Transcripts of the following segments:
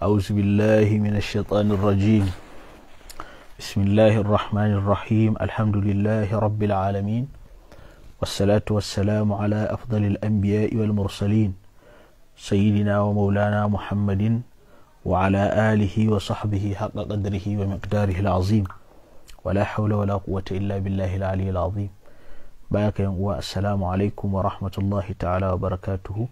أعوذ بالله من الشيطان الرجيم بسم الله الرحمن الرحيم الحمد لله رب العالمين والصلاة والسلام على أفضل الأنبياء والمرسلين سيدنا ومولانا محمد وعلى آله وصحبه حق قدره ومقداره العظيم ولا حول ولا قوة إلا بالله العلي العظيم باقي والسلام عليكم ورحمة الله تعالى وبركاته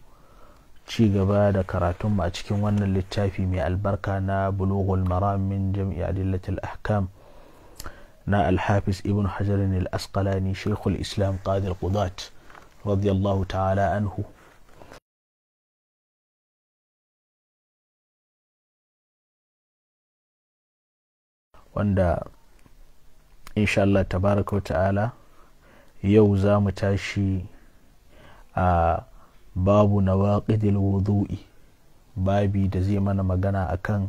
ci gaba da karatun mu a cikin wannan littafi mai albarka na bulughul maram min jam'i adillatil ahkam na Al-Hafiz ibn hajar al-asqalani shaykhul islam qadi qudat radiyallahu ta'ala anhu wanda insha Allah tabaraka wa ta'ala yau za mu tashi a babu waƙidil wudu'i babi da zai mana magana akan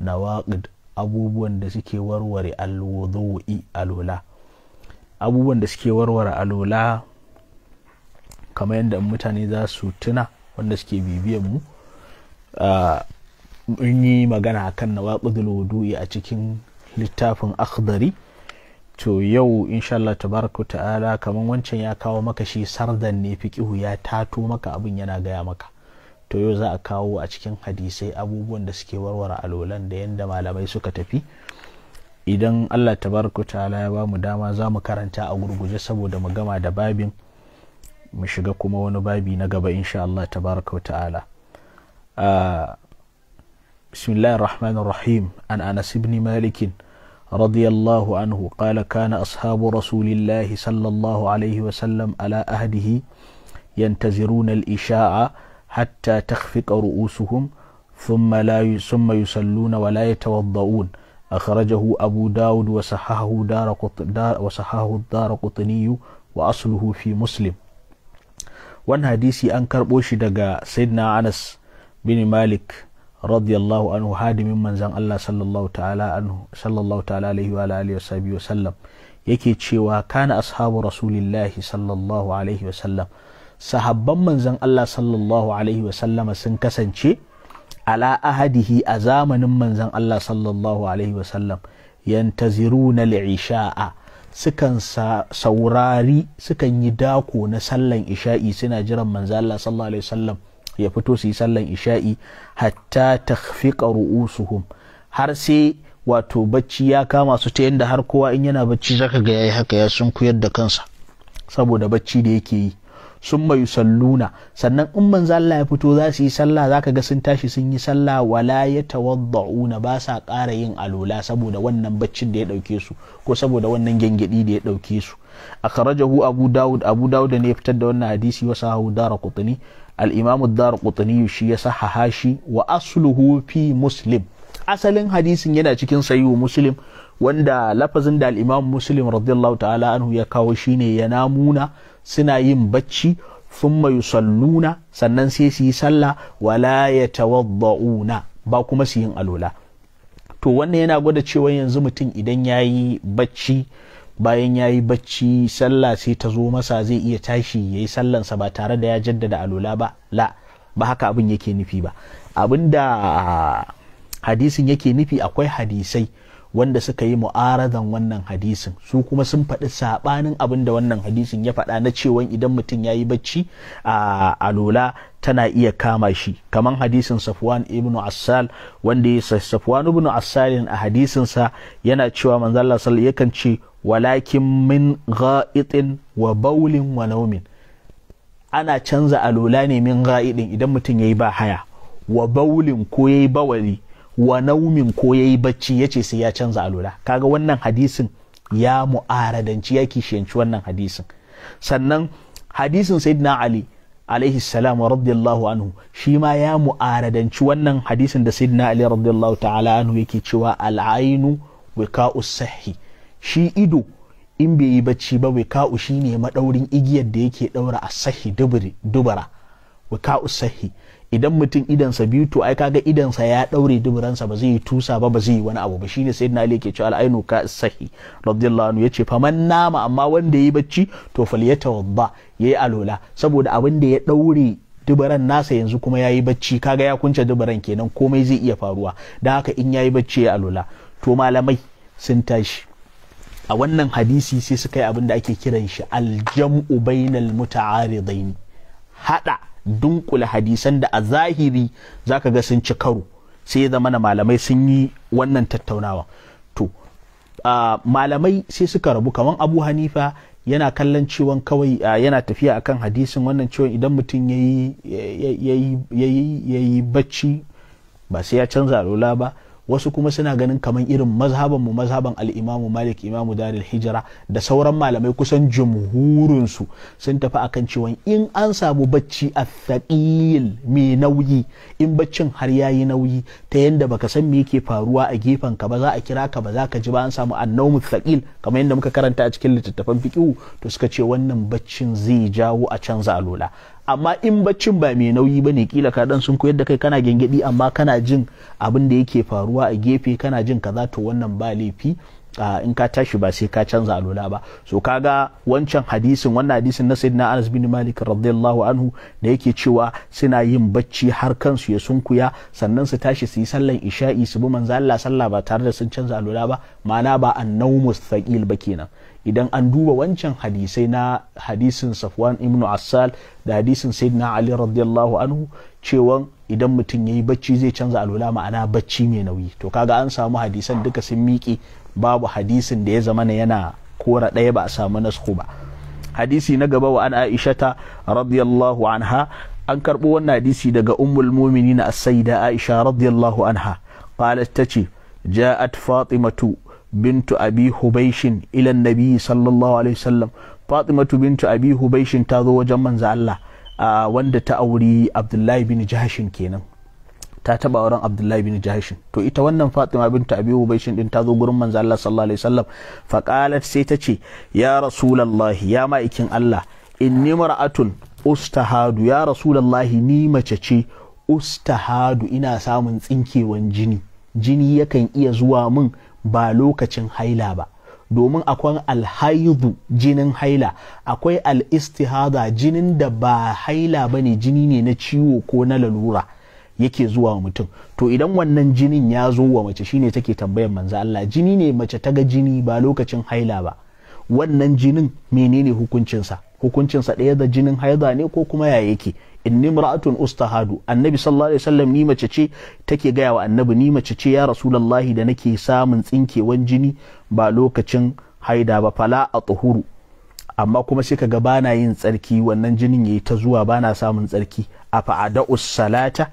waƙid abubuwan da suke warware alwudu'i alola abubuwan da suke warware alola kamar yadda mutane za su tuna wanda suke bibiyan mu in yi magana akan waƙidil wudu'i a cikin littafin akhdari to yau inshallah tabaraka ta'ala kamar wancan ya kawo maka shi sardan ne fiqihu ya tato maka abin yana gaya maka to yau za a kawo a cikin hadisai abubuwan da suke warware alolan da yanda malamai suka tafi idan allah tabaraka ta'ala ya ba mu dama za mu karanta a gurguje saboda mu gama da babin mu shiga kuma wani babi na gaba insha allah tabaraka ta'ala ah, bismillahir rahmanir rahim an anas ibn malikin رضي الله عنه قال كان أصحاب رسول الله صلى الله عليه وسلم على أهده ينتظرون الإشاعة حتى تخفق رؤوسهم ثم لا ثم يصلون ولا يتوضؤون أخرجه أبو داود وصححه دار دار وصححه الدار قطني وأصله في مسلم وان حديثي أنكر بوشي دقا سيدنا أنس بن مالك radiyallahu anhu hadimin manzan Allah sallallahu ta'ala anhu sallallahu ta'ala alaihi wa alihi wa sahbihi wa sallam yake cewa kana ashabu rasulillahi sallallahu alaihi wa sallam sahabban manzan Allah sallallahu alaihi wa sallama sun kasance ala ahadihi a zamanin manzan Allah sallallahu alaihi wa sallam yantaziruna al sukan saurari sukan yi dako na sallan isha'i suna jiran manzan Allah sallallahu alaihi wa sallam ya fito su yi sallan isha'i hatta takhfiqa ru'usuhum har sai wato bacci ya kama su ta yadda har kowa in yana bacci zaka ga yayi haka ya sun kuyar da kansa saboda bacci da yake yi sun mai salluna sannan in manzo Allah ya fito za su yi sallah zaka ga sun tashi sun yi sallah wala yatawadda'una ba sa ƙara yin alola saboda wannan baccin da ya dauke su ko saboda wannan gengedi da ya dauke su akhrajahu abu daud abu daud ne ya fitar da wannan hadisi wa dara daraqutni al-imam ad-darqutni shi ya sahaha shi wa asluhu muslim asalin hadisin yana cikin sahihu muslim wanda lafazin da al'imamin muslim radiyallahu ta'ala anhu ya kawo shine yanamuna suna yin bacci thumma yusalluna sannan sai su yi sallah wala ya yatawadda'una ba kuma su yin alola to wannan yana gwada cewa yanzu mutum idan yayi bacci bayan ya yi bacci sallah sai ta zo masa zai iya tashi ya yi sallansa ba tare da ya jaddada alola ba la ba haka abin yake nufi ba abin da hadisin yake nufi akwai hadisai wanda suka yi mu'aradan wannan hadisin su kuma sun faɗi saɓanin abin da wannan hadisin ya faɗa na cewa idan mutum ya yi bacci a alola tana iya kama shi kamar hadisin safwan ibn assal wanda ya safwan ibn assalin a hadisinsa yana cewa manzala Allah yakan ce walakin min ga'itin wa baulin wa naumin ana canza alola ne min ga'idin idan mutum ya yi ba haya wa baulin ko ya yi bawali wa naumin ko ya yi bacci ya ce sai ya canza alola kaga wannan hadisin ya mu'aradanci ya kishiyanci wannan hadisin sannan hadisin sayyidina ali alaihi salam radiyallahu anhu shi ma ya mu'aradanci wannan hadisin da sayyidina ali radiyallahu ta'ala anhu yake cewa al'ainu wika'u sahi shi ido in bai yi bacci ba wika'u shi ne maɗaurin igiyar da yake ɗaura a sahi dubara ka'u sahi idan mutum idansa biyu to ai kaga idansa ya ɗaure duburansa ba zai yi tusa ba ba zai yi wani abu ba shine sai na yake cewa al'ainu ka sahi radiyallahu anhu yace faman nama amma wanda yi bacci to falyatawadda yayi alola saboda abin da ya ɗaure dubaran nasa yanzu kuma yayi bacci kaga ya kunce dubaran kenan komai zai iya faruwa dan haka in yayi bacci ya alola to malamai sun tashi a wannan hadisi sai suka yi abin da ake kiran shi aljam'u bainal muta'aridain hada dunkula hadisan da a zahiri zaka ga sun ci karo sai ya zama malamai sun yi wannan tattaunawa to malamai sai suka rabu kaman abu hanifa yana kallon ciwon kawai yana tafiya akan hadisin wannan ciwon idan mutum ya yi bacci ba sai ya canza lola ba wasu kuma suna ganin kamar irin mazhaban mu mazhaban al-imamu malik imamu daril hijira da sauran malamai kusan jumhurin su sun tafi akan cewa in an samu bacci a thaqil mai nauyi in baccin har yayi nauyi ta yanda baka san me yake faruwa a gefen ka ba za a kira ka ba za ka ji ba an samu annawmu thaqil kamar yadda muka karanta a cikin littattafan fiqhu to suka ce wannan baccin zai jawo a canza alola amma in baccin ba mai nauyi ba ne kila ka dan sun koyar da kai kana gengedi amma kana jin abin da yake faruwa a gefe kana jin kaza to wannan ba laifi Uh, in ka tashi ba sai ka canza alola ba so ga wancan hadisin wannan hadisin na sayyidina Anas bin Malik radiyallahu anhu da yake cewa suna yin bacci har kansu ya sunkuya sannan su tashi su yi sallan isha'i su bi manzo Allah sallah ba tare da sun canza alola ba ma'ana ba annawmus thaqil ba kenan idan an duba wancan hadisai na hadisin safwan ibn assal da hadisin sayyidina ali radiyallahu anhu cewa idan mutum yayi bacci zai canza alwala ma'ana bacci mai nauyi to kaga an samu hadisan duka sun miƙe babu hadisin da ya zama na yana kora ɗaya ba a samu nasku ba hadisi na gaba wa an aishata radiyallahu anha an karɓo wannan hadisi daga ummul mu'minin as-sayyida aisha radiyallahu anha qalat tace ja'at fatimatu bintu abi hubaishin ilan nabi sallallahu alaihi wasallam fatimatu bintu abi hubaishin ta zo wajen manzo Allah wanda ta auri abdullahi bin jahashin kenan ta taba auren abdullahi bin jahashin to ita wannan fatima bintu abi hubaishin din ta zo gurin manzo Allah sallallahu alaihi wasallam faqalat sai ta ce ya rasulullahi ya ma'aikin Allah inni mar'atun ustahadu ya rasulalahi ni mace ce ustahadu ina samun tsinkewan jini jini yakan iya zuwa min ba lokacin haila ba domin akwai alhaidu jinin haila akwai al'istihada jinin da ba haila ba ne jini ne na ciwo ko na lalura yake zuwa wa mutum to idan wannan jinin ya zo wa mace shine take tambayar manza Allah jini ne mace ta ga jini ba lokacin haila ba wannan jinin menene hukuncinsa hukuncinsa ɗaya da jinin haida ne ko kuma ya yake inni mar'atun ustahadu annabi sallallahu alaihi wasallam ni mace ce take gaya wa annabi ni mace ce ya rasulullahi da nake samun tsinkewan jini ba lokacin haida ba fala a tuhuru amma kuma sai kaga bana yin tsarki wannan jinin yayi ta zuwa bana samun tsarki a fa'ada salata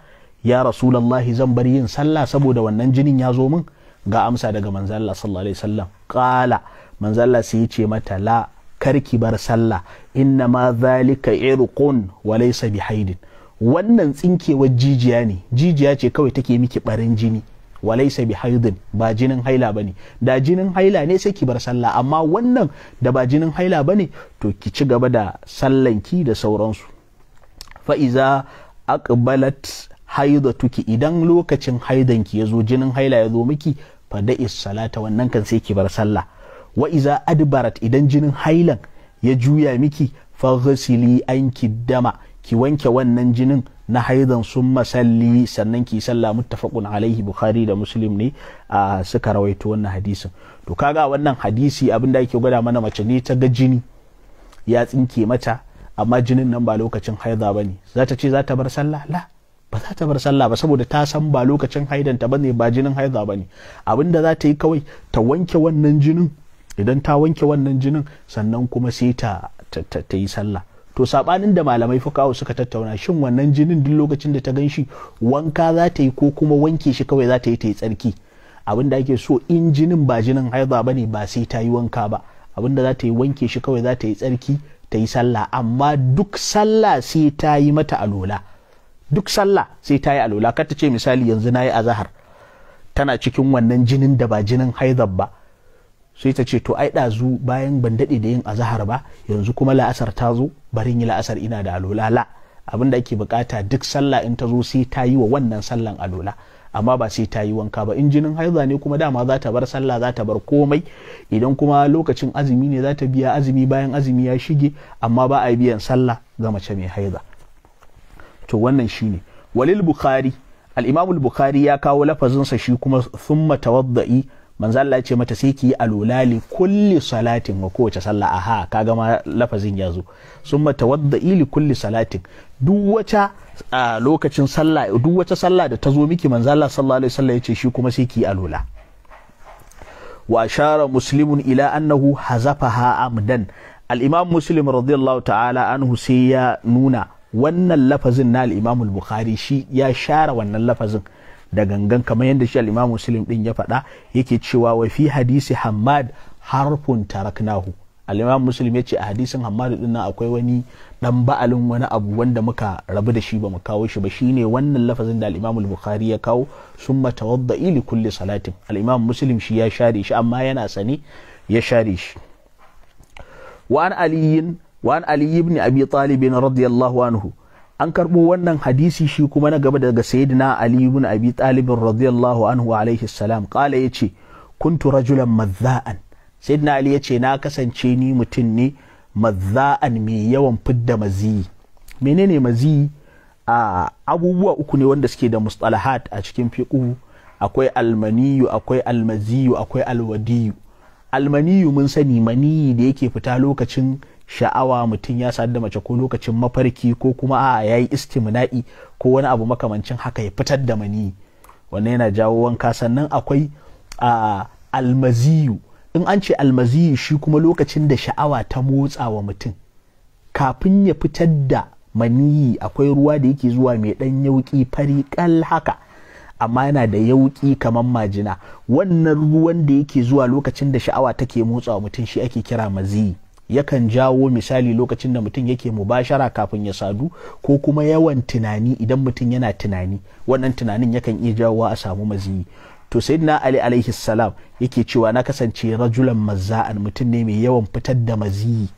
ya rasulullahi zan bar yin sallah saboda wannan jinin ya zo min ga amsa daga manzo Allah sallallahu alaihi wasallam qala manzo Allah sai ya ce mata la kar ki bar sallah inna ma zalika irqun wa laysa bihaidin wannan tsinkewar jijiya ne jijiya ce kawai take miki barin jini wa laysa haidin ba jinin haila bane da jinin haila ne sai ki bar sallah amma wannan da ba jinin haila bane to ki ci gaba da sallanki da sauransu fa iza aqbalat haidatuki idan lokacin haidanki ya zo jinin haila ya zo miki fa is salata wannan kan sai ki bar sallah wa iza adbarat idan jinin hailan ya juya miki faghsili anki dama ki wanke wannan jinin na haidan sun masalli sannan ki sallah muttafaqun alaihi bukhari da muslim ne a suka rawaito wannan hadisin to kaga wannan hadisi abin da ake gwada mana mace ne ta ga jini ya tsinke mata amma jinin nan ba lokacin haida ba ne za ta ce za bar sallah la ba za ta bar sallah ba saboda ta san ba lokacin haidanta ba ne ba jinin haida ba ne abin da za ta yi kawai ta wanke wannan jinin idan ta wanke wannan jinin sannan kuma sai ta ta yi sallah to sabanin da malamai fukawo suka tattauna shin wannan jinin duk lokacin da ta ganshi wanka za ta yi ko kuma wanke shi kawai za ta yi ta yi tsarki abin da ake so in jinin ba jinin haiza ba ne ba sai ta yi wanka ba abin da za ta yi wanke shi kawai za ta yi tsarki ta yi sallah amma duk sallah sai ta yi mata alola duk sallah sai ta yi alola kar ta ce misali yanzu na yi azahar tana cikin wannan jinin da ba jinin haidar ba sai ta ce to ai ɗazu bayan ban daɗe da yin azahar ba yanzu kuma la'asar ta zo barin yi la'asar ina da alola la abin da ake bukata duk sallah in ta zo sai ta yi wa wannan sallan alola amma ba sai ta yi wanka ba in jinin haiza ne kuma dama za ta bar sallah za ta bar komai idan kuma lokacin azumi ne za ta biya azumi bayan azumi ya shige amma ba a biyan sallah ga mace mai haiza to wannan shine walil bukhari al-imam al-bukhari ya kawo lafazinsa shi kuma thumma tawadda'i manzo Allah ya ce mata sai ki yi alulali li kulli salatin wa kowace sallah aha kaga ma lafazin ya zo summa tawadda'i li kulli salatin duk wata a lokacin sallah duk wata sallah da ta zo miki manzo Allah sallallahu alaihi wasallam ya ce shi kuma sai ki yi alula wa ashara muslimun ila annahu hazafaha amdan al-imam muslim radiyallahu ta'ala anhu sai ya nuna wannan lafazin na al-imam al-bukhari shi ya share wannan lafazin da gangan kamar yadda shi al-Imam Muslim din ya faɗa yake cewa wa fi hadisi Hammad harfun taraknahu al-Imam ya ce a hadisin Hammad din nan akwai wani dan ba'alin wani abu wanda muka rabu da shi ba mu kawo shi ba shine wannan lafazin da al-Imam al-Bukhari ya kawo summa tawadda'i li kulli salatin alimam imam Muslim shi ya share shi amma yana sani ya share shi wa an aliyin wa an ali ibn abi talib radiyallahu anhu an karɓo wannan hadisi shi kuma na gaba daga sayyidina ali ibn abi talib radiyallahu anhu alayhi salam qala yace kuntu rajulan mazza'an sayyidina ali yace na kasance ni mutum ne mazza'an mai yawan fidda maziyi menene maziyi a abubuwa uku ne wanda suke da mustalahat a cikin fiqhu akwai almaniyu akwai almaziyu akwai alwadiyu almaniyu mun sani maniyi da yake fita lokacin sha'awa mutum ya sadu da mace ko lokacin mafarki ko kuma a ya yi istimna'i ko wani abu makamancin haka ya fitar da mani wannan yana jawo wanka sannan akwai a almaziyu in an ce almaziyu shi kuma lokacin da sha'awa ta motsa wa mutum kafin ya fitar da maniyi akwai ruwa da yake zuwa mai ɗan yauƙi fari kal haka amma yana da yauƙi kamar majina wannan ruwan da yake zuwa lokacin da sha'awa take motsa wa mutum shi ake kira maziyi yakan jawo misali lokacin da mutum yake mubashara kafin ya sadu ko kuma yawan tunani idan mutum yana tunani wannan tunanin yakan iya jawo a samu maziyi to na ali alaihi salam yake cewa na kasance rajulan mazza'an mutum ne mai yawan fitar da maziyi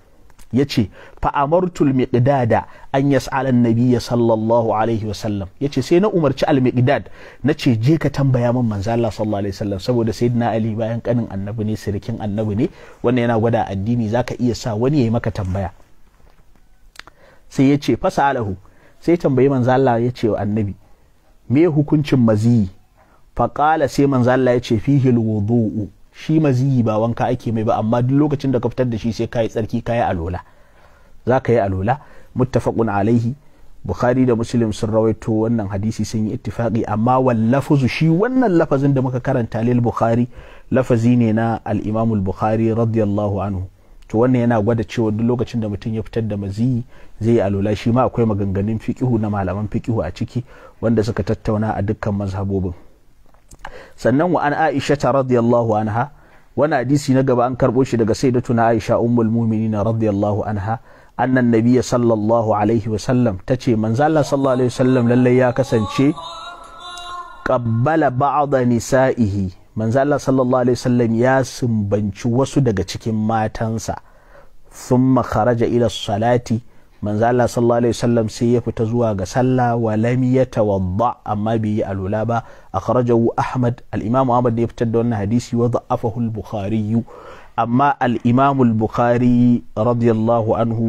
yace fa amartul miqdada an yas'ala an-nabiy sallallahu alaihi wasallam yace sai na umarci almiqdad na nace je ka tambaya min manzo Allah sallallahu alaihi wasallam saboda sayyidina ali bayan kanin annabi ne sirikin annabi ne wannan yana gwada addini zaka iya sa wani yayi maka tambaya sai yace fasalahu sai tambayi manzo Allah yace wa annabi me hukuncin maziyi faqala sai manzo Allah yace fihi al-wudu'u shi maziyi ba wanka ake mai ba amma duk lokacin da ka fitar da shi sai kayi tsarki ka yi alola za ka yi alola muttafaqun alaihi bukhari da muslim sun rawaito wannan hadisi sun yi ittifaqi amma wallafuzu shi wannan lafazin da muka karanta lil bukhari lafazi ne na al-imam al-bukhari radiyallahu anhu to wannan yana gwada cewa duk lokacin da mutum ya fitar da maziyi zai yi alola shi ma akwai maganganun fiqihu na malaman fiqihu a ciki wanda suka tattauna a dukkan mazhabobin sannan wa an aisha ta radiyallahu anha wani hadisi na gaba an karɓo shi daga tuna aisha ummul mu'minin radiyallahu anha annan nabiyya sallallahu alaihi wa sallam tace manzo Allah sallallahu alaihi wa sallam lalle ya kasance qabbala ba'd nisa'ihi manzo Allah sallallahu alaihi wa sallam ya sumbanci wasu daga cikin matansa thumma kharaja ila salati manzo Allah sallallahu alaihi sai ya fita zuwa ga sallah wa lam yatawadda amma bai yi alula ba akhrajahu Ahmad al-Imam Ahmad ya fitar da wannan hadisi wa da'afahu al amma al-Imam al-Bukhari radiyallahu anhu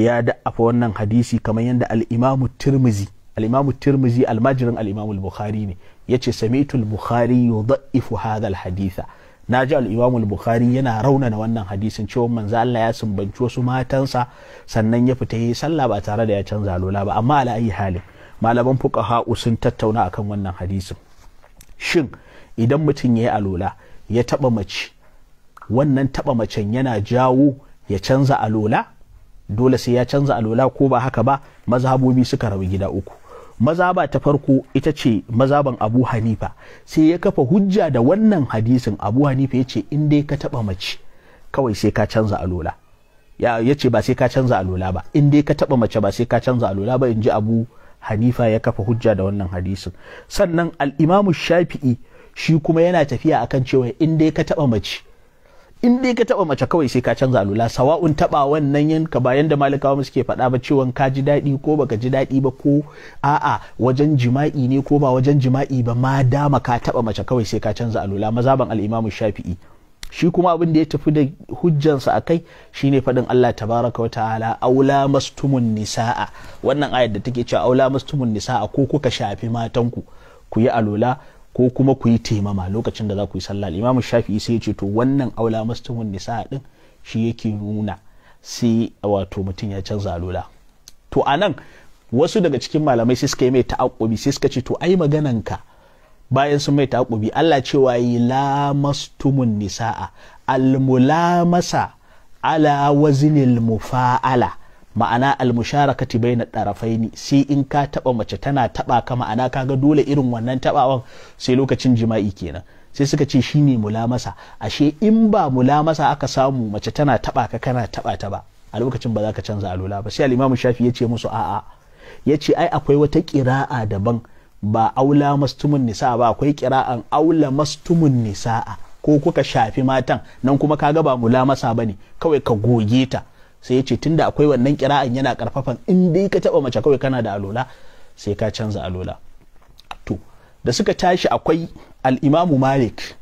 ya da'afa wannan hadisi kamar yadda al-Imam Tirmizi al-Imam Tirmizi al-Majrin al-Imam al ne yace sami'tu al-Bukhari yudha'ifu hadha al-haditha na ji al bukhari yana raunana wannan hadisin cewa manzo Allah ya sumbanci wasu matansa sannan ya fita ya yi sallah ba tare da ya canza lola ba amma ala ayi halin malaman fuqaha sun tattauna akan wannan hadisin shin idan mutum ya yi alola ya taba mace wannan taba macen yana jawo ya canza alola dole sai ya canza alola ko ba haka ba mazhabobi suka rabu gida uku maza ba ta farko ita ce mazaban abu hanifa sai ya kafa hujja da wannan hadisin abu hanifa ya ce in ka taba mace kawai sai ka canza alola ya ce ba sai ka canza alola ba in ka taba mace ba sai ka canza alola ba in ji abu hanifa ya kafa hujja da wannan hadisin sannan al'imamu shafi'i shi kuma yana tafiya akan cewa inda ka taba mace in dai ka taba mace kawai sai ka canza alula sawa'un taba wannan yanka bayan da malikawa mu suke faɗa ba ciwon ka ji daɗi ko baka ji daɗi ba ko a'a wajen jima'i ne ko ba wajen jima'i ba ma dama ka taba mace kawai sai ka canza alula mazaban alimamu Shafi'i shi kuma abin da ya tafi da hujjansa a kai shi ne faɗin Allah ta baraka wa ta'ala aula mastumun nisa'a wannan ayar da take cewa aula mastumun nisa'a ko kuka shafi matanku ku yi alula ko kuma ku yi taimama lokacin da za ku yi sallah imamu shafi'i sai ya ce to wannan aula mastuhun nisa din shi yake nuna sai wato mutum ya canza lola to anan wasu daga cikin malamai sai suka yi mai ta'aqubi sai suka ce to ai maganan ka bayan sun mai ta'aqubi Allah cewa yi lamastumun nisa'a almulamasa ala wazinil mufa'ala ma'ana almusharakati baina ne sai in ka taba mace tana taba ka ma'ana kaga dole irin wannan tabawan sai lokacin jima'i kenan sai suka ce shine mulamasa ashe in ba mulamasa aka samu mace tana taɓa ka kana taba ta ba a lokacin ba za ka canza alula ba sai al-imamu shafi yace musu a'a yace ai akwai wata ƙira'a daban ba aula mastumun nisa'a ba akwai kira'an aula mastumun nisa'a ko kuka shafi matan nan kuma kaga ba mulamasa bane kawai ka goge ta sai ya ce tunda akwai wannan kira'an yana karfafan in dai ka taba mace kawai kana da alola sai ka canza alola to da suka tashi akwai al'imamu malik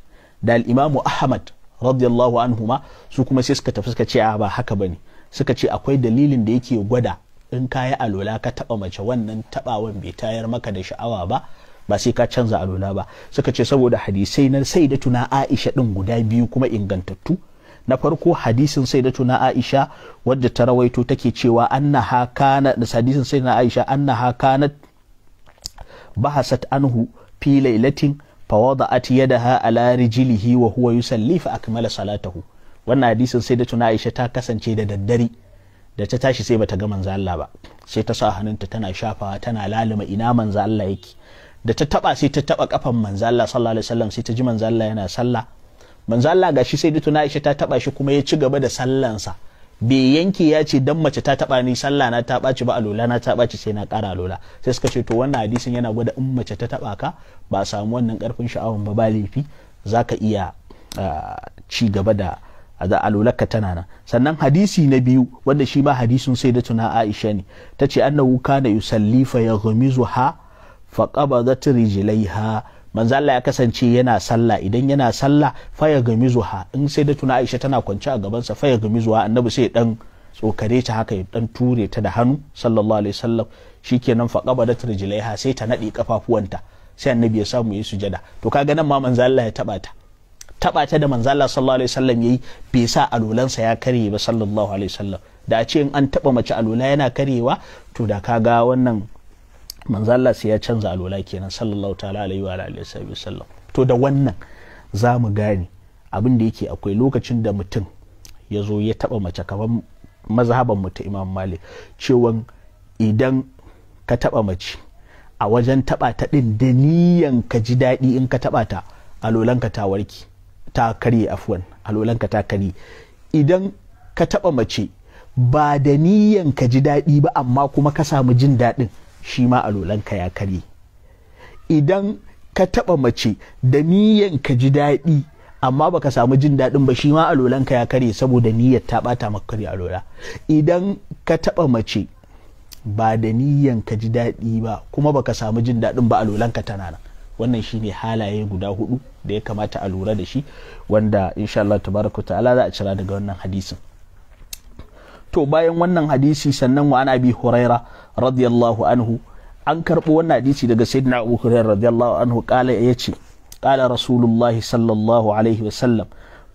da al'imamu ahmad radiyallahu anhuma su kuma sai suka tafi suka ce a ba haka bane suka ce akwai dalilin da yake gwada in ka yi alola ka taba mace wannan tabawan bai tayar maka da sha'awa ba ba sai ka canza alola ba suka ce saboda hadisai na sai da tuna aisha din guda biyu kuma ingantattu na farko hadisin sai da tuna aisha wadda ta rawaito take cewa annaha kana da hadisin sai na aisha annaha kana bahasat anhu fi lailatin fawada'at yadaha ala rijlihi wa huwa yusalli fa akmala salatahu wannan hadisin sai da tuna aisha ta kasance da daddare da ta tashi sai bata ga manzo Allah ba sai ta sa hannunta tana shafawa tana lalima ina manzo Allah yake da ta taba sai ta taba kafan manzo Allah sallallahu alaihi wasallam sai ta ji manzo Allah yana sallah manzo Allah gashi sai da na Aisha ta taba shi kuma ya ci gaba da sallansa bai yanke ya ce dan mace ta taba ni sallah na ta baci ba alola na ta baci sai na kara alola sai suka ce to wannan hadisin yana gwada in mace ta taba ka ba samu wannan karfin sha'awan ba ba laifi zaka iya ah, ci gaba da da alulaka tana nan sannan hadisi na biyu wanda shi ma hadisin sai da tuna Aisha ne tace annahu kana yusalli fa yaghmizuha fa qabadat rijlaiha manzo Allah ya kasance yana sallah idan yana sallah ya gami zuha in sai da tuna Aisha tana kwance a gaban sa ya gami zuha annabi sai dan tsokare ta haka ya dan ture ta da hannu sallallahu alaihi wasallam shikenan fa qabada rijlaiha sai ta nadi kafafuwanta sai annabi ya samu yi sujada to kaga nan ma manzo Allah ya taba ta taba ta da manzo Allah sallallahu alaihi wasallam yayi bai sa alolansa ya karye ba sallallahu alaihi wasallam da a ce in an taba mace alola yana karyewa to da kaga wannan manzo Allah sai ya canza alola kenan sallallahu ta'ala alaihi wa alihi wasallam to da wannan za mu gane abin da yake akwai lokacin da mutum ya zo ya taba mace kamar mazhaban mu ta Imam Malik cewa idan ka taba mace a wajen taba ta din da niyan ka ji daɗi in ka taba ta ka ta warki ta karye afwan ka ta idan ka taba mace ba da niyan ka ji daɗi ba amma kuma ka samu jin daɗin shi ma alolanka ya karye idan ka taba mace da niyan ka ji daɗi amma baka samu jin daɗin ba shi ma alolanka ya karye saboda niyyar ta ɓata maka karya alola idan ka taba mace ba da niyyan ka ji daɗi ba kuma baka samu jin daɗin ba alolanka tana nan wannan shine halaye guda hudu da ya kamata a lura da shi wanda insha Allah tabaraka ta'ala za a cira daga wannan hadisin to bayan wannan hadisi sannan wa an abi huraira radiyallahu anhu an karɓo wannan hadisi daga sayyidina abu huraira radiyallahu anhu kala ya ce kala rasulullah sallallahu alaihi wasallam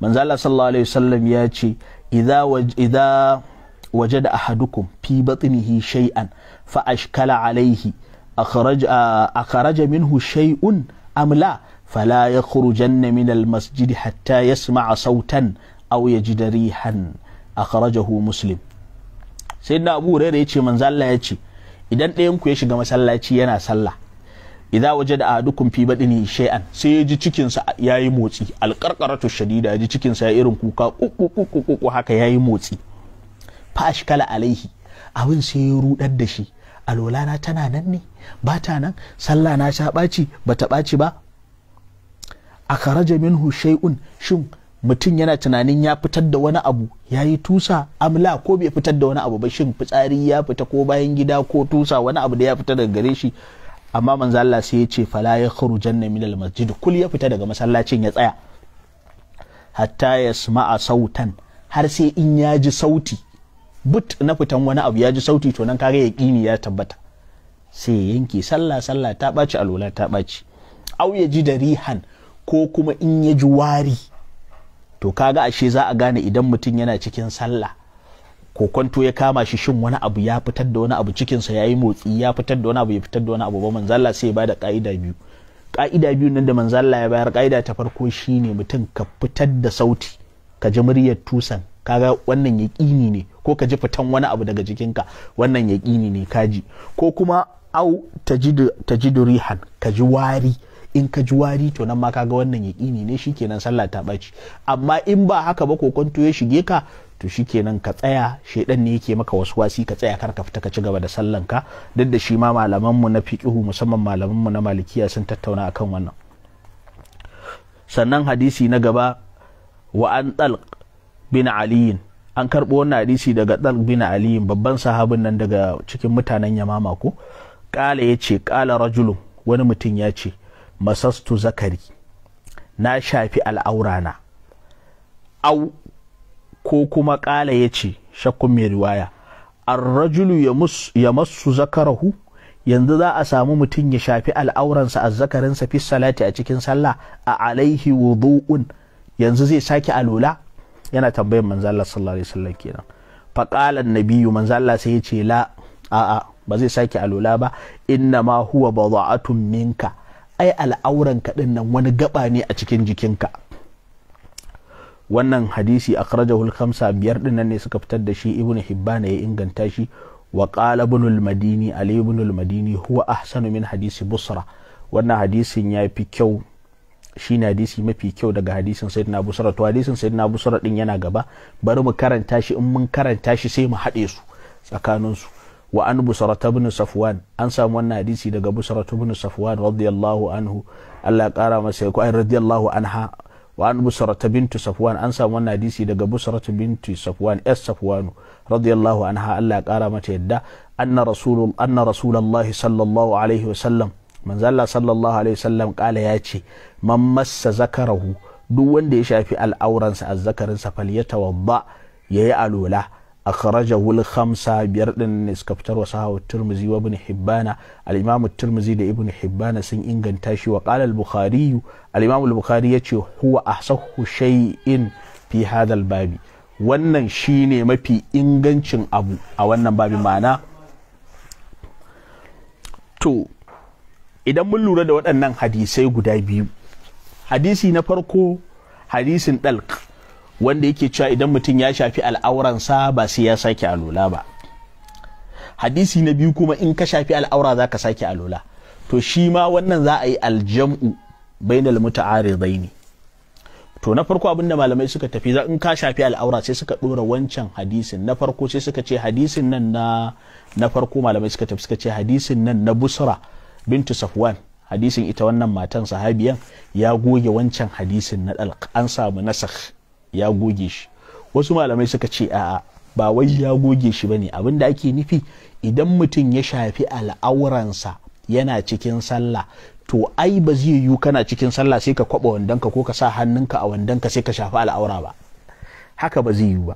manzo Allah sallallahu alaihi wasallam ya ce idza idza wajada ahadukum fi batnihi shay'an fa ashkala alaihi akhraj akhraja minhu shay'un am la فلا يخرجن من المسجد حتى يسمع صوتا أو يجد ريحا akhrajahu muslim sai na abu hurairah yace manzo Allah yace idan ɗayan ku ya shiga masallaci yana sallah idza wajada ahadukum fi badini shay'an sai ya ji cikin sa yayi motsi alqarqaratu shadida ya ji cikin sa irin kuka kuku haka yayi motsi fa ashkala alaihi abin sai ya rudar da shi alwalana tana nan ne ba ta nan sallah na sha ɓaci ba ta ɓaci ba akharaja minhu shay'un shin mutum yana tunanin ya fitar da wani abu ya yi tusa amla ko bai fitar da wani abu ba shin fitsari ya fita ko bayan gida ko tusa wani abu da ya fita daga gare shi amma manzo Allah sai ya ce fala ya janna min masjid kul ya fita daga masallacin ya tsaya hatta yasma'a sautan har sai in ya ji sauti but na fitan wani abu ya ji sauti to nan kare yaqini ya tabbata sai yanke sallah sallah ta baci alwala ta baci au ya ji da rihan ko kuma in ya ji wari to kaga ashe za a gane idan mutum yana cikin sallah ko kwanto ya kama shi shin wani abu ya fitar da wani abu cikinsa ya yi motsi ya fitar da wani abu ya fitar da wani abu ba Allah sai ya bada ka'ida biyu ka'ida biyu nan da Allah ya bayar ka'ida ta farko shine mutum ka fitar da sauti ka ji muryar tusan kaga wannan yaƙini ne ko ka ji fitan wani abu daga jikinka wannan yaƙini ne kaji ko kuma au tajidu rihan ka ji wari in ka ji wari to nan ma kaga wannan yaƙini ne shikenan sallah ta ɓaci amma in ba haka ba ko kwanto ya shige ka to shikenan ka tsaya shaidan ne yake maka wasu wasi ka tsaya kar ka fita ka ci gaba da sallan ka duk da shi ma malaman mu na fiqhu musamman malaman mu na malikiya sun tattauna akan wannan sannan hadisi na gaba wa an talq bin ali an karɓo wannan hadisi daga talq bin aliyin babban sahabin nan daga cikin mutanen yamama ko kala yace kala rajulun wani mutum ya ce masastu zakari na shafi al'aurana au ko kuma ƙala ya ce shakkun mai riwaya arrajulu ya masu zakarahu yanzu za a samu mutum ya shafi al'auransa a zakarinsa fi salati a cikin sallah a alaihi wudu'un yanzu zai sake alula yana tambayin manzala Allah sallallahu alaihi kenan fa qala annabiyyu manzala sai ya ce la a'a ba zai sake alula ba inna ma huwa bada'atun minka ai al'auran ka nan wani gaba ne a cikin jikinka wannan hadisi a al-khamsa biyar din ne suka fitar da shi ibnu hibban ya inganta shi wa qala ibn al-madini ali ibn al-madini huwa ahsanu min hadisi busra wannan hadisin ya fi kyau shi ne hadisi mafi kyau daga hadisin sayyidina busra to hadisin sayyidina busra din yana gaba bari mu karanta shi in mun karanta shi sai mu haɗe su tsakaninsu wa an busarata ibn safwan an samu wannan hadisi daga busarata ibn safwan radiyallahu anhu Allah ya kara masa ko ai radiyallahu anha wa an busarata bintu safwan an samu wannan hadisi daga busarata safwan radiyallahu anha Allah ya kara mata yadda anna rasulul anna rasulullahi sallallahu alaihi wasallam manzo Allah sallallahu alaihi sallam kala ya ce man massa zakarahu duk wanda ya shafi al'auransa azzakarinsa falyatawadda yayi alula. akhrajahu al-khamsa biyar din ne suka fitar wa sahawa turmuzi wa ibn hibbana al da ibn hibbana sun inganta shi wa qala al-bukhari al-imam al-bukhari yace huwa ahsahu shay'in fi hadha al-babi wannan shine mafi ingancin abu a wannan babi ma'ana to idan mun lura da waɗannan hadisai guda biyu hadisi na farko hadisin dalq wanda yake cewa idan mutum ya shafi al'auransa ba sai ya sake alola ba hadisi na biyu kuma in ka shafi al'aura za ka sake alola to shi ma wannan za a yi aljam'u bainal ne to na farko abin da malamai suka tafi za in ka shafi al'aura sai suka dora wancan hadisin na farko sai suka ce hadisin nan na na farko malamai suka tafi suka ce hadisin nan na busra bintu safwan hadisin ita wannan matan sahabiyan ya goge wancan hadisin na dalq an samu nasakh ya goge shi wasu malamai suka ce a ba wai ya goge shi bane abin da ake nufi idan mutum ya shafi al'auransa yana cikin sallah to ai ba zai yiwu kana cikin sallah sai ka kwaba wandonka ko ka sa hannunka a wandonka sai ka shafi al'aura ba haka ba zai yiwu ba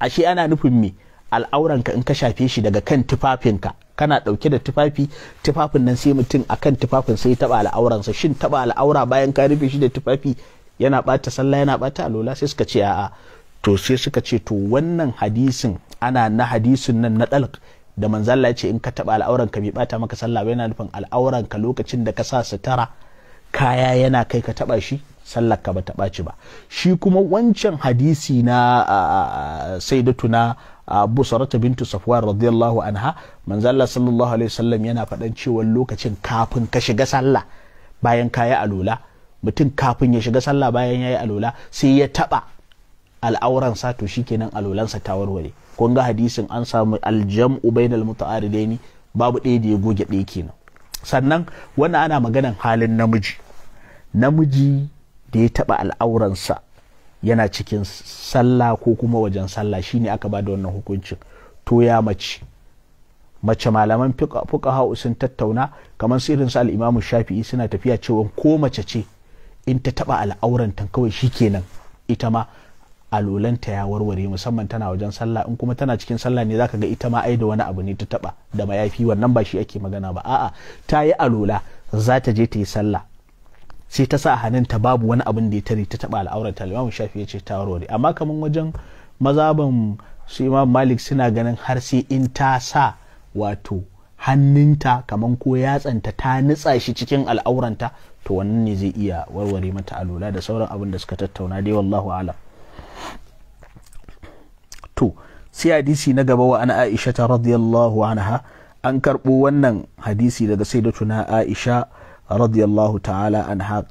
ashe ana nufin me al'auranka in ka shafe shi daga kan tufafinka kana ɗauke da tufafi tufafin nan sai mutum akan tufafin sai taba al'auransa shin taba al'aura bayan ka rufe shi da tufafi yana bata sallah yana bata alola sai suka ce a'a to sai suka ce to wannan hadisin ana na hadisin nan na dalq da manzalla ya ce in ka taba al'auran ka bai bata maka sallah ba yana nufin al'auran ka lokacin da ka sa sutara kaya yana kai ka taba shi sallar ka ta ɓaci ba shi kuma wancan hadisi na saidatu na abu sarata bintu safwan radiyallahu anha manzalla sallallahu alaihi wasallam yana faɗan cewa lokacin kafin ka shiga sallah bayan kaya alula mutum kafin ya shiga sallah bayan ya yi alola sai ya taɓa al'auransa to shikenan alolansa ta warware kun ga hadisin an samu aljam'u bainal muta'aridaini babu ɗaya da ya goge ɗaya kenan sannan wannan ana maganan halin namiji namiji da ya taɓa al'auransa yana cikin sallah ko kuma wajen sallah shine aka ba da wannan hukuncin to ya mace mace malaman fuqaha sun tattauna kamar su irin su al-Imam Shafi'i suna tafiya cewa ko mace ce in ta taba al'auranta kawai shikenan ita ma alolanta ya warware musamman tana wajen sallah in kuma tana cikin sallah ne zaka ga ita ma ai da wani abu ne ta taba da mayafi wannan ba shi ake magana ba a'a ta yi alola za ta je ta yi sallah sai ta sa hannunta babu wani abin da ya tare ta taba al'auranta imam shafi ya ce ta warware amma kaman wajen mazaban su imam malik suna ganin har sai in ta sa wato hannunta kaman ko yatsanta ta nitsa shi cikin al'auranta to wannan ne zai iya warware mata alula da sauran abin da suka tattauna dai wallahu alam to sai hadisi na gaba wa ana aisha ta radiyallahu anha an karbo wannan hadisi daga sai da tuna aisha radiyallahu ta'ala anha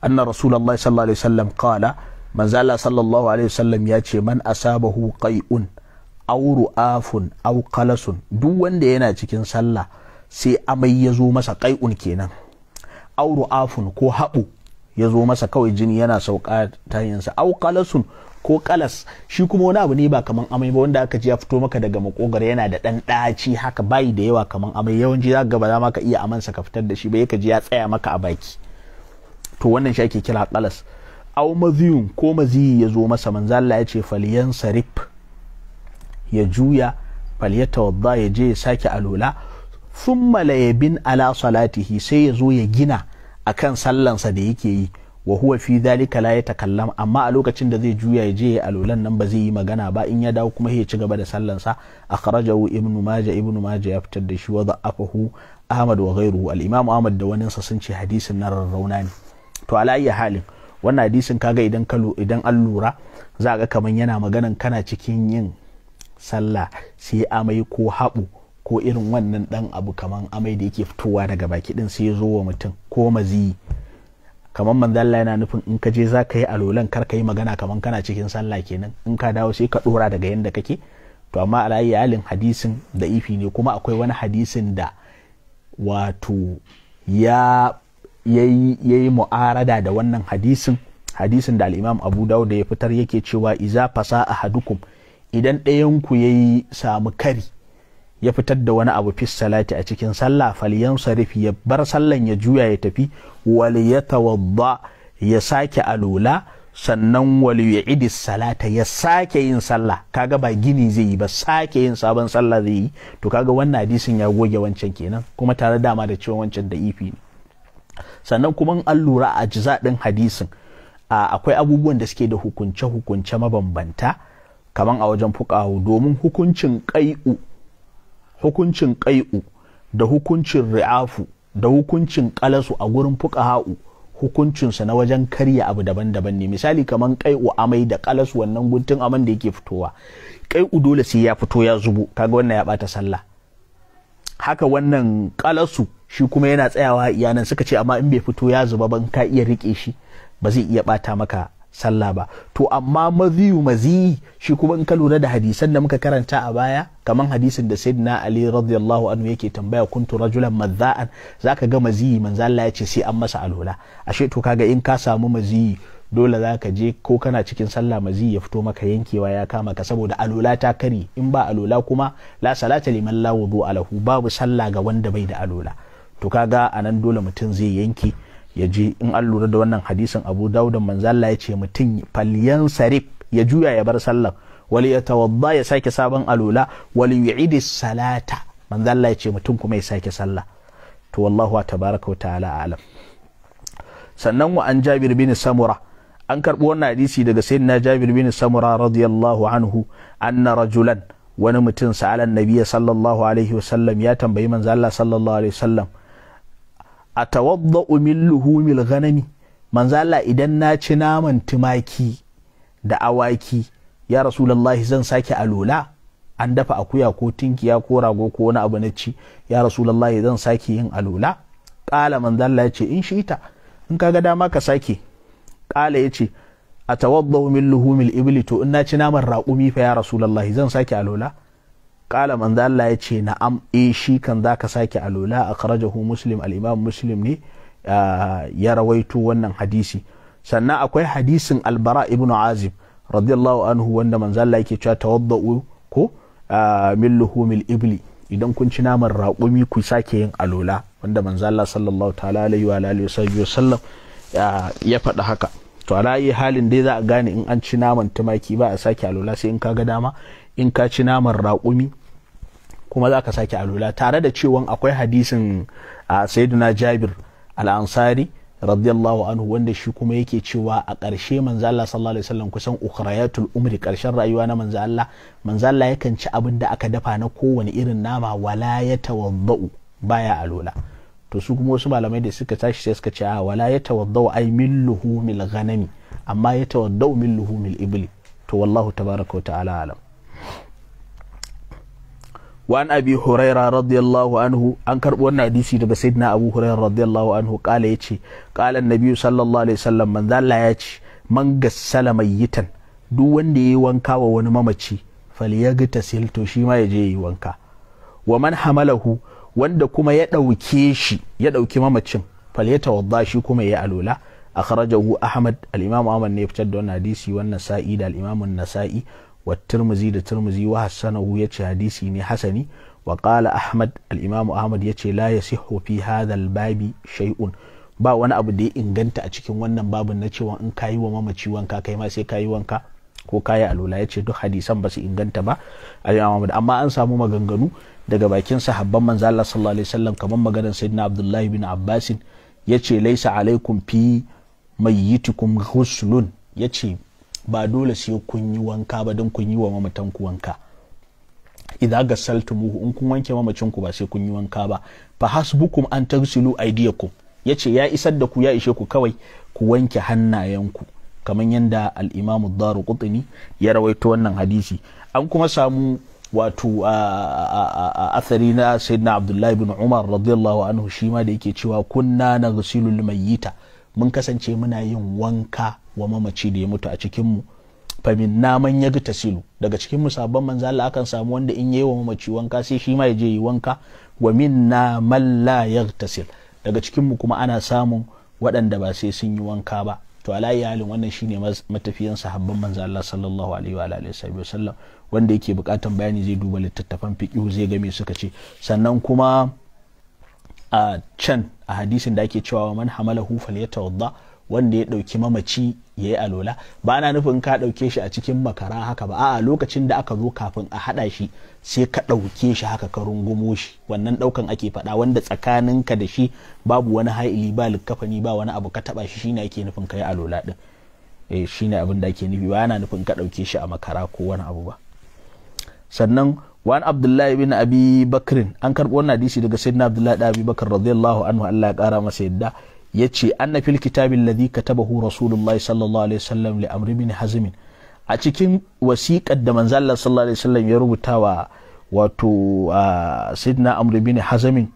anna rasulullah sallallahu alaihi wasallam qala manzala sallallahu alaihi wasallam ya ce man asabahu qai'un aw ru'afun aw qalasun duk wanda yana cikin sallah sai amai ya zo masa kai'un kenan auru afun ko haɓu ya zo masa kawai jini yana sauka ta yinsa au kalasun ko kalas shi kuma wani abu ne ba kaman amai ba wanda aka ji ya fito maka daga makogar yana da ɗan ɗaci haka bayi da yawa kamar amai yawanci za ka gaba ma ka iya amansa ka fitar da shi ba ya ji ya tsaya maka a baki to wannan shi ake kira kalas au maziyun ko maziyi ya zo masa manzalla ya ce faliyan sarif ya juya wadda ya je ya sake alola thumma bin ala salatihi sai ya zo ya gina a kan sallansa da yake yi wa huwa fi dhalika la yatakallam amma a lokacin da zai juya ya je ya alolan nan ba zai yi magana ba in ya dawo kuma ya ci gaba da sallansa akhrajahu ibnu majah ibnu majah ya fitar da shi wa da'afahu ahmad wa ghayruhu al-imam ahmad da waninsa sun ce hadisin na rarrauna ne to ala ayi halin wannan hadisin kaga idan ka idan an lura za ga kaman yana maganan kana cikin yin sallah sai amai ko haɓu ko irin wannan dan abu kaman amai da yake fitowa daga baki din sai ya zo wa mutum ko maziyi kaman manzo yana nufin in ka je za ka yi alolan kar ka yi magana kaman kana cikin sallah kenan in ka dawo sai ka dora daga yanda kake to amma alayi halin hadisin da ifi ne kuma akwai wani hadisin da wato ya yayi mu'arada da wannan hadisin hadisin da al'imam abu dawud ya fitar yake cewa iza fasa ahadukum idan ɗayan ku yayi samu kari ya fitar da wani abu fis salati a cikin sallah sarifi ya bar sallan ya juya ya tafi wal yatawadda ya sake alula sannan wal yu'idi salata ya sake yin sallah kaga ba gini zai yi ba sake yin sabon sallah zai yi to kaga wannan hadisin ya goge wancan kenan kuma tare dama da cewa wancan da ifi ne sannan kuma an lura a jiza ɗin hadisin akwai abubuwan da suke da hukunce-hukunce mabambanta kamar a wajen fukahu domin hukuncin kai'u hukuncin kai'u da hukuncin ri'afu da hukuncin ƙalasu a gurin ha'u hukuncinsa na wajen karya abu daban-daban ne misali kamar ƙai'u amai da ƙalasu wannan guntun aman da yake fitowa ƙai'u dole sai ya fito ya zubo kaga wannan ya bata sallah haka wannan ƙalasu shi kuma yana tsayawa iyanan suka ce amma in bai fito ya zuba ban ka iya riƙe shi ba zai iya ɓata maka sallah ba to amma maziyu maziyi shi kuma in ka lura da hadisan da muka karanta a baya kaman hadisin da sayyidina ali radiyallahu anhu yake tambaya kuntu rajulan mazza'an zaka ga maziyi manzo Allah ya ce sai an masa alwala ashe to kaga in ka samu maziyi dole zaka je ko kana cikin sallah maziyi ya fito maka yankewa ya kama ka saboda alwala ta kari in ba alwala kuma la salata liman la wudu alahu babu sallah ga wanda bai da alwala to kaga anan dole mutum zai yanke ya je in an lura da wannan hadisin abu dauda manzalla ya ce mutum falyan sarif ya juya ya bar sallar wali ya tawadda ya sake sabon alula wali yu'idi salata manzalla ya ce mutum kuma ya sake sallah to wallahu wa tabaraka wa ta'ala alam sannan wa an jabir bin samura an karɓi wannan hadisi daga sayyidina jabir bin samura radiyallahu anhu anna rajulan wani mutum sa'alan nabiyya sallallahu alaihi sallam ya tambayi manzo Allah sallallahu alaihi sallam. a tawadda umin luhumil ganami manzala idan na ci naman tumaki da awaki ya rasulallah zan sake alola an dafa akuya ko tinkiya ko rago ko wani abu na ci ya rasulallah zan sake yin alola ƙala manzala ya ce in shi ita in ka ga dama ka sake ƙala ya ce a tawadda umin luhumil ibli to in na ci naman raƙumi fa ya rasulallah zan sake alola kala manzo ya ce na'am eh shi kan zaka sake alula akhrajahu muslim al-imam muslim ne ah, ya rawaito wannan hadisi sannan akwai hadisin albara ibnu azim radiyallahu anhu wanda manzo Allah yake cewa tawadda'u ko ah, min luhumil ibli idan kun ci naman raƙumi ku sake yin alola wanda manzo sallallahu ta'ala alaihi wa alihi wasallam ah, ya faɗi haka to a ra'ayi halin dai za a gane in an ci naman tumaki ba a sake alola sai in ka ga dama in ka ci naman raƙumi kuma za ka sake alula tare da cewa akwai hadisin a sayyiduna jabir al'ansari radiyallahu anhu wanda shi kuma yake cewa a ƙarshe manzo Allah sallallahu alaihi wasallam kusan ukhrayatul umri ƙarshen rayuwa na manzo Allah manzo Allah yakan ci abin da aka dafa na kowane irin nama wala yatawaddau baya alola to su kuma wasu malamai da suka tashi sai suka ce a wala yatawaddau ay milluhu mil ghanami amma yatawaddau milluhu mil ibli to wallahu tabaraka wa ta'ala alam wa an abi huraira radiyallahu anhu an karɓi wannan hadisi daga sayyidina abu huraira radiyallahu anhu kala yace kala annabi sallallahu alaihi wasallam manzo Allah ya ce man gassala mayyitan duk wanda ya yi wanka wa wani mamaci falyagtasil to shi ma ya je ya yi wanka wa man hamalahu wanda kuma ya ɗauke shi ya ɗauki mamacin falyatawadda shi kuma ya alula akhrajahu ahmad al-imam ahmad ne ya fitar da wannan hadisi wannan sa'i da al-imam nasai wa tirmizi da tirmizi wa hassanahu yace hadisi ne hasani wa qala ahmad al-imam ahmad yace la yasihu fi hadha babi shai'un ba wani abu da ya inganta a cikin wannan babin na cewa in kayi wa mamaci wanka kai ma sai kayi wanka ko kayi alula yace duk hadisan ba su inganta ba al-imam an samu maganganu daga bakin sahaban manzo Allah sallallahu alaihi wasallam kamar maganar sayyidina Abdullah ibn Abbas yace laisa alaikum fi mai mayyitikum ghuslun yace ba dole sai kun yi wanka ba don kun yi wa mamatan ku wanka idza gassaltumuhu in kun wanke mamacin ku ba sai kun yi wanka ba fa hasbukum an tagsilu aydiyakum yace ya isar da ku ya ishe ku kawai ku wanke hannayenku kamar yadda al-Imam Daru Qutni ya rawaito wannan hadisi an kuma samu wato athari na sayyidina Abdullahi bin Umar radiyallahu anhu shi ma da yake cewa kunna na mayyita mun kasance muna yin wanka wa mamaci da ya mutu a cikinmu famin naman ya ga tasilu daga cikin mu sabon manzo Allah akan samu wanda in yayi wa mamaci wanka sai shi ma ya je yi wanka wa minna man la yagtasil daga cikin mu kuma ana samun waɗanda ba sai sun yi wanka ba to ala halin wannan shine matafiyan sahabban manzo Allah sallallahu alaihi wa alihi wasallam wanda yake bukatan bayani zai duba littattafan fiqh zai ga me suka ce sannan kuma a can a hadisin da ake cewa man hamalahu falyatawadda wanda ya ɗauki mamaci ya yi alola ba ana nufin ka ɗauke shi a cikin makara haka ba a'a lokacin da aka zo kafin a haɗa shi sai ka ɗauke shi haka ka rungumo shi wannan ɗaukan ake faɗa wanda tsakaninka da shi babu wani ha'ili ba likkafani ba wani abu ka taɓa shi shine ake nufin ka yi alola ɗin eh shine abin da ake nufi ba ana nufin ka ɗauke shi a makara ko wani abu ba sannan wani abdullahi bin abi bakrin an karɓi wannan hadisi daga sayyidina abdullahi da abi bakar radiyallahu anhu Allah ya kara masa yadda ya ce anna fil kitabin ladhi katabahu rasulullahi sallallahu alaihi wasallam li amri bin hazmin a cikin wasiƙar da manzalla sallallahu alaihi wasallam ya rubuta wa wato sidna amr bin hazmin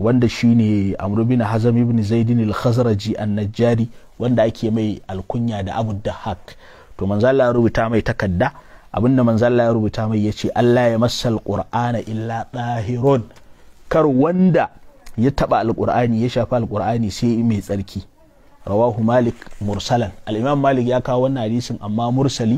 wanda shine amr bin hazm ibn zaid al-khazraji an-najjari wanda ake mai alkunya da abu hak to manzo ya rubuta mai takadda abinda manzala ya rubuta mai yace Allah ya massal qur'ana illa tahirun kar wanda ya taba alqur'ani ya shafa alqur'ani sai mai tsarki rawahu malik mursalan al malik ya kawo wannan hadisin amma mursali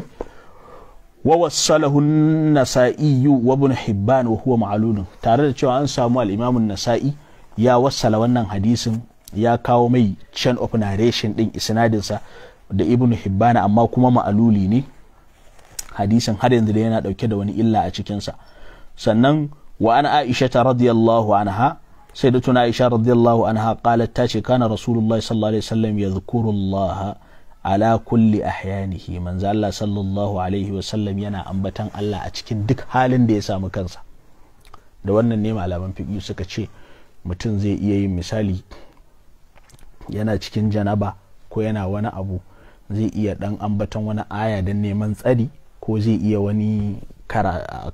wa wassalahu an-nasa'i wa ibn hibban wa huwa ma'lulun tare da cewa an samu al-imam an-nasa'i ya wassala wannan hadisin ya kawo mai chain of narration din isnadin sa da ibn hibban amma kuma ma'luli ne hadisin har yanzu da yana dauke da wani illa a cikin sa sannan wa an aisha radiyallahu anha sai da tuna aisha radiyallahu anha qalat ta ce kana rasulullah sallallahu alaihi wasallam yadhkurullah ala kulli ahyanihi manzo Allah sallallahu alaihi wasallam yana ambatan Allah a cikin duk halin da ya samu kansa da wannan ne malaman fiqh suka ce mutum zai iya yin misali yana cikin janaba ko yana wani abu zai iya ɗan ambatan wani aya don neman tsari ko zai iya wani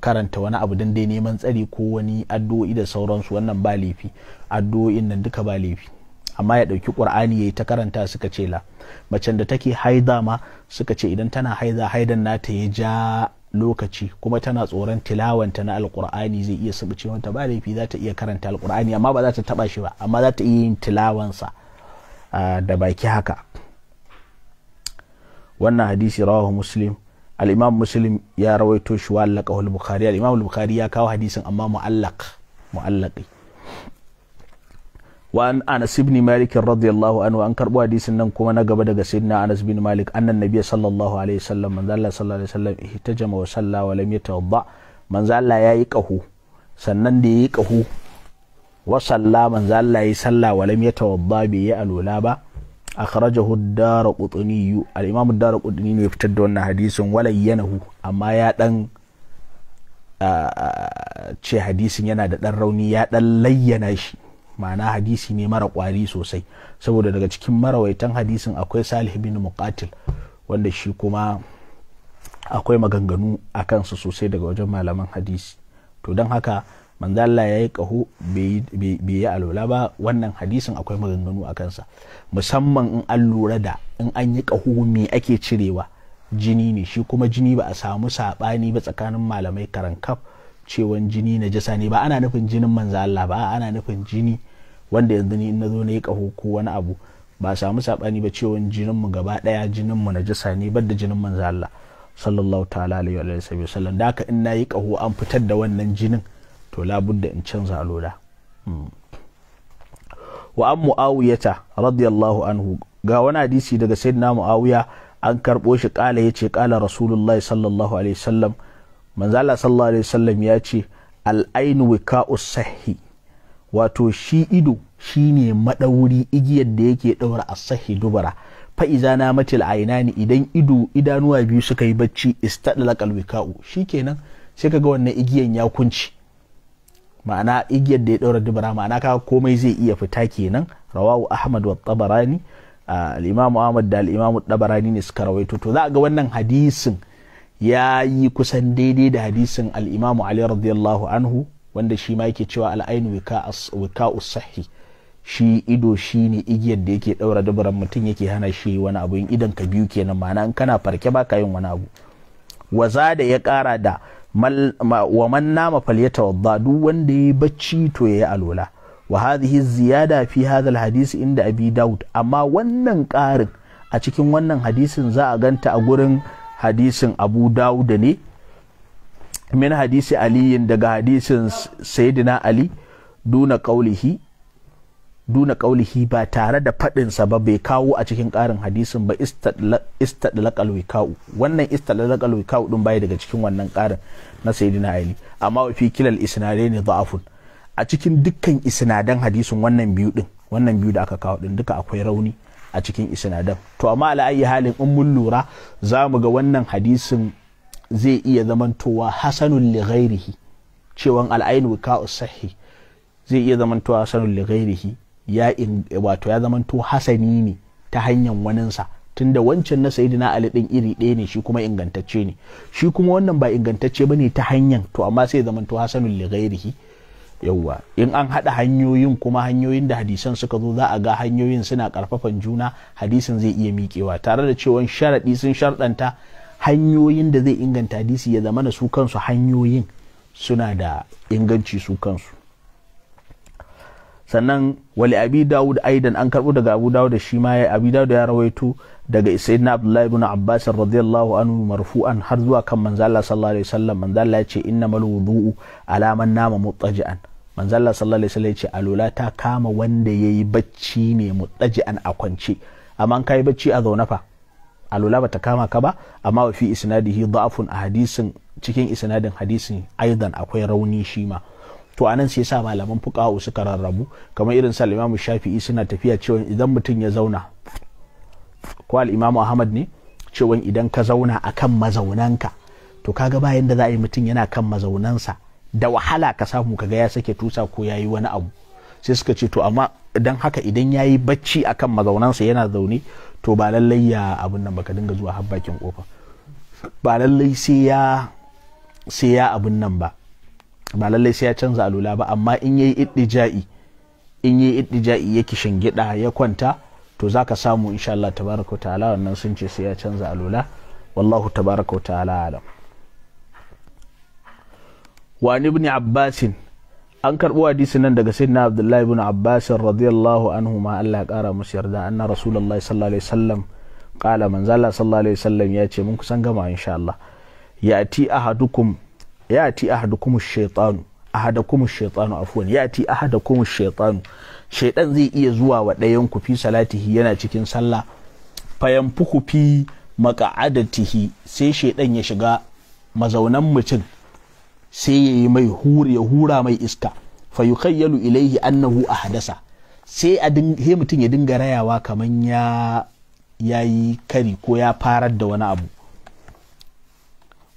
karanta wani abu don dai neman tsari ko wani addu'o'i da sauransu wannan ba laifi addu'o'in nan duka ba laifi amma ya ɗauki ƙur'ani ya yi ta karanta suka ce la macen da take haida ma suka ce idan tana haida haidan nata ya ja lokaci kuma tana tsoron tilawanta na alƙur'ani zai iya sabuce mata ba laifi za ta iya karanta alƙur'ani amma ba za ta taɓa shi ba amma za ta iya yin tilawansa ah, da baki haka wannan hadisi rawahu muslim al-imam muslim ya rawaito shi wa allaka al-bukhari al al-bukhari ya kawo hadisin amma mu'allaq mu'allaqi wa an anas ibn malik radiyallahu anhu an karbo hadisin nan kuma na gaba daga sayyidina anas bin malik annan nabiy sallallahu alaihi wasallam manzo Allah sallallahu alaihi wasallam ihtajama wa salla wa lam yatawadda manzo Allah yayi qahu sannan da yayi qahu wa salla manzo Allah yayi salla wa lam yatawadda bi ya alula ba akhrajahu ad-darqutni al-imam ad-darqutni ne fitar da wannan hadisin walayyanahu amma ya dan ce hadisin yana da dan rauni ya dan layyana shi ma'ana hadisi ne mara kwari sosai saboda daga cikin marawaitan hadisin akwai salih bin muqatil wanda shi kuma akwai maganganu a kansu sosai daga wajen malaman hadisi to don haka manzo Allah ya yi kaho bai yi alwala ba wannan hadisin akwai maganganu a kansa musamman in an lura da in an yi kaho me ake cirewa jini ne shi kuma jini ba a samu saɓani ba tsakanin malamai karankaf cewan jini na jasa ne ba ana nufin jinin manzo Allah ba ana nufin jini wanda yanzu ni in na zo na yi kaho ko wani abu ba a samu saɓani ba cewan jinin mu gaba ɗaya jinin mu na jasa ne ba da jinin manzo Allah sallallahu ta'ala alaihi wa sallam da haka in na yi kaho an fitar da wannan jinin to labudda in canza alola hmm. wa an mu'awiyata radiyallahu anhu ga wani hadisi daga sayyidina mu'awiya an karbo shi kala yace kala rasulullahi sallallahu alaihi wasallam manzala sallallahu alaihi wasallam ya ce al'ainu wika'u sahi wato shi ido shine madauri igiyar da yake daura a sahi dubara fa'iza na matil ainani idan ido idanuwa biyu suka yi bacci istadla shi shikenan sai kaga wannan igiyan ya kunci ma'ana igiyar da ya ɗaura dubara ma'ana ka komai zai iya fita kenan rawahu ahmad wa tabarani al-imam ahmad da al-imam tabarani ne suka rawaito to za a ga wannan hadisin ya yi kusan daidai da hadisin al-imam ali radiyallahu anhu wanda shi ma yake cewa al-ainu wika sahi shi ido shi ne igiyar da yake ɗaura dubaran mutum yake hana shi wani abu in idan ka biyu kenan ma'ana in kana farke ba ka yin wani abu waza da ya ƙara da wa man nama falyatawadda duk wanda ya bacci to yayi alwala wa hadhihi ziyada fi hadha alhadith inda abi daud amma wannan ƙarin a cikin wannan hadisin za a ganta a gurin hadisin abu daud ne min hadisi aliyin daga hadisin sayyidina ali duna qaulihi duna kaulihi ba tare da fadinsa ba bai kawo a cikin karin hadisin ba istadlaqal wika'u wannan istadlaqal wika'u din bai daga cikin wannan karin na sayyidina ali amma fi kilal isnadain dha'afun a cikin dukkan isnadan hadisin wannan biyu din wannan biyu da aka kawo din duka akwai rauni a cikin isnadan to amma ala ayi halin in mun lura za mu ga wannan hadisin zai iya zamantowa hasanun li ghairihi cewan al'ainu wikau sahih zai iya zamantowa hasanun li ghairihi ya wato ya zamanto hasani ne ta hanyar waninsa tunda wancan na sayidina ali din iri ɗaya ne shi kuma ingantacce ne shi kuma wannan ba ingantacce bane ta hanyar to amma sai zamanto hasanul li ghairihi yawwa in an hada hanyoyin kuma hanyoyin da hadisan suka zo za a ga hanyoyin suna karfafan juna hadisin zai iya miƙewa tare da cewa sharaɗi sun sharɗanta hanyoyin da zai inganta hadisi ya zama su kansu hanyoyin suna da inganci su kansu sannan wali abi dawud aidan an karbo daga abu dawud da shi ma ya abi dawud ya rawaito daga sayyidina abdullahi ibn abbas radiyallahu anhu marfu'an har zuwa kan manzo Allah sallallahu alaihi wasallam manzo Allah ya ce innamal wudu'u ala man nama muttaji'an manzo Allah sallallahu alaihi wasallam ya ce alula ta kama wanda yayi bacci ne muttaji'an a kwance amma an kai bacci a zauna fa alula bata kama ka ba amma wa fi isnadihi da'afun a hadisin cikin isnadin hadisin aidan akwai rauni shi ma to anan sai sa malaman fuqahu suka rarrabu kamar irin sa Alimami Shafi'i suna tafiya cewa idan mutum ya zauna ko al Ahmad ne cewa idan ka zauna akan mazaunanka to kaga bayan da za a yi mutum yana kan mazaunansa da wahala ka samu kaga ya sake tusa ko ya yi wani abu sai suka ce to amma dan haka idan ya yi bacci akan mazaunansa yana zaune to ba lallai ya abun nan baka dinga zuwa habbakin kofa ba lallai sai ya sai ya abun nan ba ba lallai sai ya canza alula ba amma in yayi iddija'i in yayi iddija'i yake shingida ya kwanta to zaka samu insha Allah tabaraka wa ta'ala wannan sun ce sai ya canza alula wallahu tabaraka wa ta'ala alam wa ibn abbas an karbi hadisi nan daga sayyidina abdullahi ibn abbas radiyallahu anhu ma Allah ya kara musu yarda anna rasulullahi sallallahu alaihi wasallam qala manzala sallallahu alaihi wasallam ya ce mun kusan gama insha Allah ya ti ahadukum yati ahadukum shaytanu ahadakum shaytanu afwan yati zai iya zuwa wa ɗayan ku fi salatihi yana cikin sallah fa fi maq'adatihi sai shaiɗan ya shiga mazaunan mutum sai ya yi mai hura ya hura mai iska fa yukhayyalu ilaihi annahu ahadasa sai a mutum ya dinga rayawa kaman ya yayi kari ko ya farar da wani abu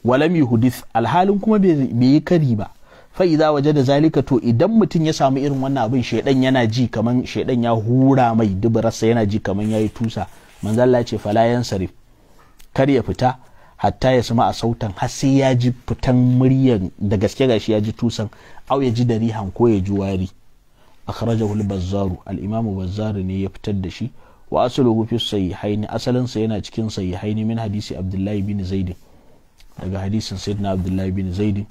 walam yuhdith alhalin kuma bai yi kari ba fa idza wajada zalika to idan mutum ya samu irin wannan abin shedan yana ji kaman shedan ya hura mai dubararsa yana ji kaman yayi tusa manzo Allah ce fala yansarif kar ya fita hatta ya sama a sautan har sai ya ji fitan muryan da gaske gashi ya ji tusan au ya ji da rihan ko ya ji wari akhrajahu al-bazzaru al-imam bazzaru ne ya fitar da shi wa asluhu fi sahihaini asalinsa yana cikin sahihaini min hadisi abdullahi bin zaidin daga hadisin sayyidina abdullahi bin zaidi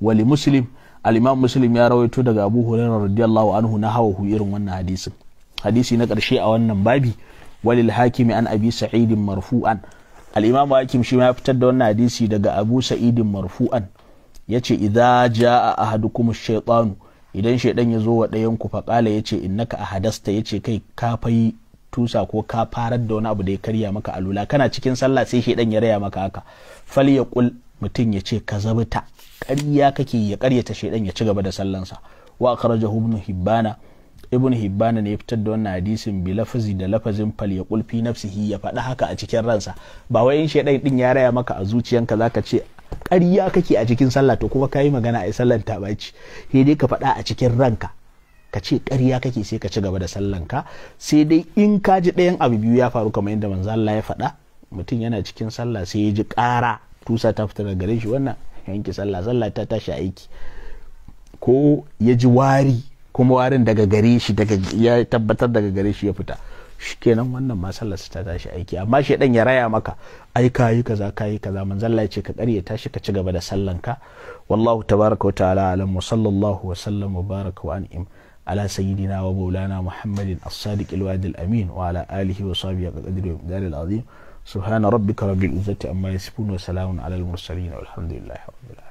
wali muslim al-imam muslim ya rawaito daga abu hurairah radiyallahu anhu na hawahu irin wannan hadisin hadisi na karshe a wannan babi walil hakimi an abi sa'idin marfu'an al-imam hakim shi ya fitar da wannan hadisi daga abu sa'idin marfu'an yace idza jaa ahadukum ash-shaytanu idan shaydan ya zo wa dayan ku faqala yace innaka ahadasta yace kai ka fayi tusa ko ka farar da wani abu da ya karya maka alula kana cikin sallah sai dan ya raya maka haka fal ya kul mutum ya ce ka zabta ƙarya kake ya ƙaryata shedan ya ci gaba da sallansa wa akhrajahu ibn hibbana ibn hibbana ne ya fitar da wannan hadisin bi lafazi da lafazin fal ya kul fi nafsihi ya faɗa haka a cikin ransa ba wai in shedan din ya raya maka a zuciyanka zaka ce ƙarya kake a cikin sallah to kuma kayi magana a sallar ta baci sai dai ka faɗa a cikin ranka ka ce ƙarya kake sai ka ci gaba da sallanka sai dai in ka ji ɗayan abu biyu ya faru kamar yadda manzo Allah ya faɗa mutum yana cikin sallah sai ya ji ƙara tusa ta fita daga gare shi wannan yanki sallah sallah ta tashi aiki ko ya ji wari kuma warin daga gare shi ya tabbatar daga gare shi ya fita shikenan wannan ma sallar ta tashi aiki amma shi ɗan ya raya maka ai yi kaza kayi kaza Allah ya ce ka karya tashi ka ci gaba da sallanka wallahu tabaraka wa ta'ala alam sallallahu wa sallam wa baraka wa an'im على سيدنا ومولانا محمد الصادق الوعد الأمين وعلى آله وصحبه قدر ومدار العظيم سبحان ربك رب العزة عما يصفون وسلام على المرسلين والحمد لله رب العالمين